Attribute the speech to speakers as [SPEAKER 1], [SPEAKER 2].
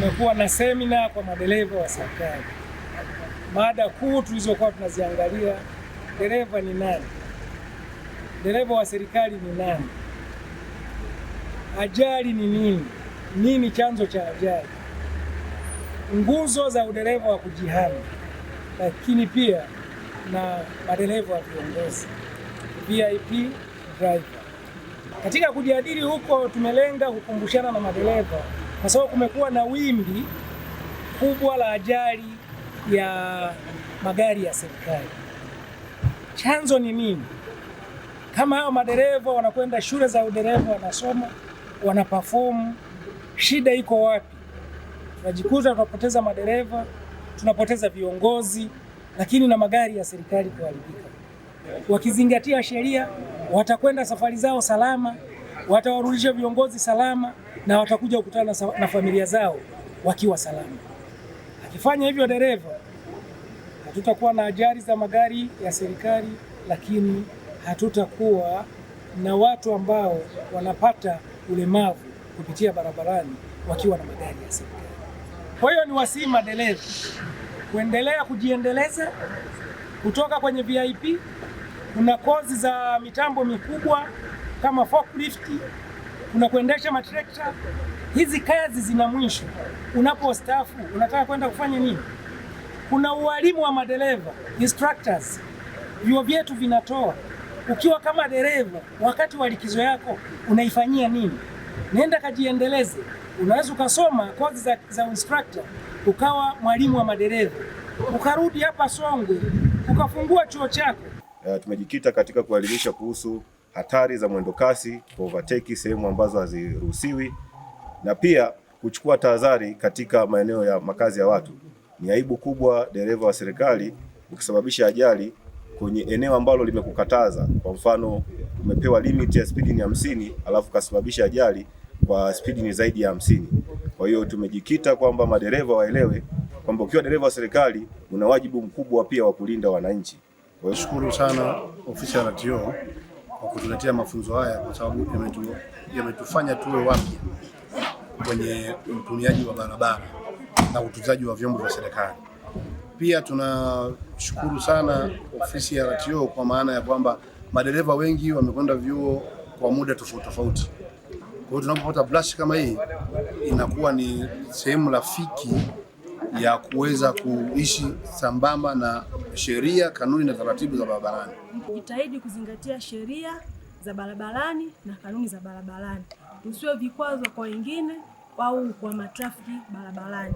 [SPEAKER 1] Tumekuwa na semina kwa madereva wa serikali. Mada kuu tulizokuwa tunaziangalia, dereva ni nani? Dereva wa serikali ni nani? Ajali ni nini? Nini chanzo cha ajali? Nguzo za udereva wa kujihami, lakini pia na madereva wa viongozi VIP driver. Katika kujadili huko, tumelenga kukumbushana na madereva kwa sababu kumekuwa na wimbi kubwa la ajali ya magari ya serikali. Chanzo ni nini? Kama hao madereva wanakwenda shule za udereva, wanasoma, wanaperform, shida iko wapi? Tunajikuta tunapoteza madereva, tunapoteza viongozi, lakini na magari ya serikali kuharibika. Wakizingatia sheria, watakwenda safari zao salama watawarudisha viongozi salama na watakuja kukutana na familia zao wakiwa salama. Akifanya hivyo dereva, hatutakuwa na ajali za magari ya serikali, lakini hatutakuwa na watu ambao wanapata ulemavu kupitia barabarani wakiwa na magari ya serikali. Kwa hiyo ni wasii madereva kuendelea kujiendeleza kutoka kwenye VIP. Kuna kozi za mitambo mikubwa kama forklift, kuna kuendesha matrekta. Hizi kazi zina mwisho. Unapostaafu unataka kwenda kufanya nini? Kuna ualimu wa madereva instructors, vyuo vyetu vinatoa. Ukiwa kama dereva, wakati wa likizo yako unaifanyia nini? Nenda kajiendeleze. Unaweza ukasoma kozi za, za instructor ukawa mwalimu wa madereva ukarudi hapa Songwe ukafungua chuo chako.
[SPEAKER 2] Uh, tumejikita katika kuelimisha kuhusu hatari za mwendokasi, overtake sehemu ambazo haziruhusiwi, na pia kuchukua tahadhari katika maeneo ya makazi ya watu. Ni aibu kubwa dereva wa serikali ukisababisha ajali kwenye eneo ambalo limekukataza. Kwa mfano, umepewa limit ya spidi ni hamsini alafu kasababisha ajali kwa spidi ni zaidi ya hamsini. Kwa hiyo tumejikita kwamba madereva waelewe kwamba ukiwa dereva wa serikali una wajibu mkubwa pia wa kulinda wananchi.
[SPEAKER 3] Kwa hiyo shukuru sana ofisi ya RTO kwa kutuletea mafunzo haya, kwa sababu yametufanya tuwe wapya kwenye utumiaji wa barabara na utunzaji wa vyombo vya serikali. Pia tunashukuru sana ofisi ya RTO kwa maana ya kwamba madereva wengi wamekwenda vyuo kwa muda tofauti tofauti. Kwa hiyo tunapopata brush kama hii inakuwa ni sehemu rafiki ya kuweza kuishi sambamba na sheria, kanuni na taratibu za barabarani.
[SPEAKER 4] Jitahidi kuzingatia sheria za barabarani na kanuni za barabarani, usiwe vikwazo kwa wengine au kwa matrafiki barabarani.